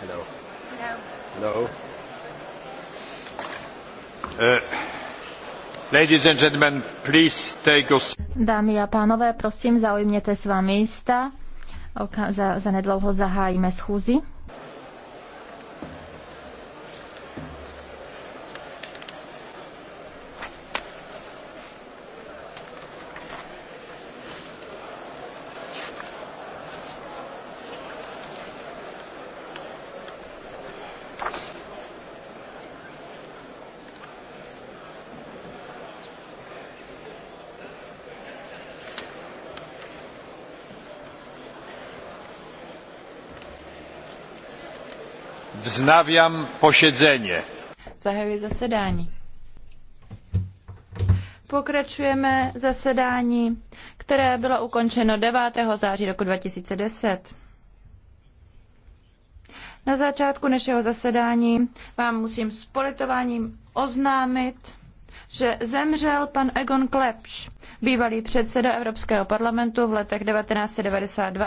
Hello. Hello. Hello. Uh, ladies and gentlemen, please take your... Dámy a pánové, prosím, zaujměte svá místa. Oka- za, za nedlouho zahájíme schůzi. Vznávám pošedzeně. Zahajuji zasedání. Pokračujeme zasedání, které bylo ukončeno 9. září roku 2010. Na začátku našeho zasedání vám musím s politováním oznámit, že zemřel pan Egon Klepš, bývalý předseda Evropského parlamentu v letech 1992 až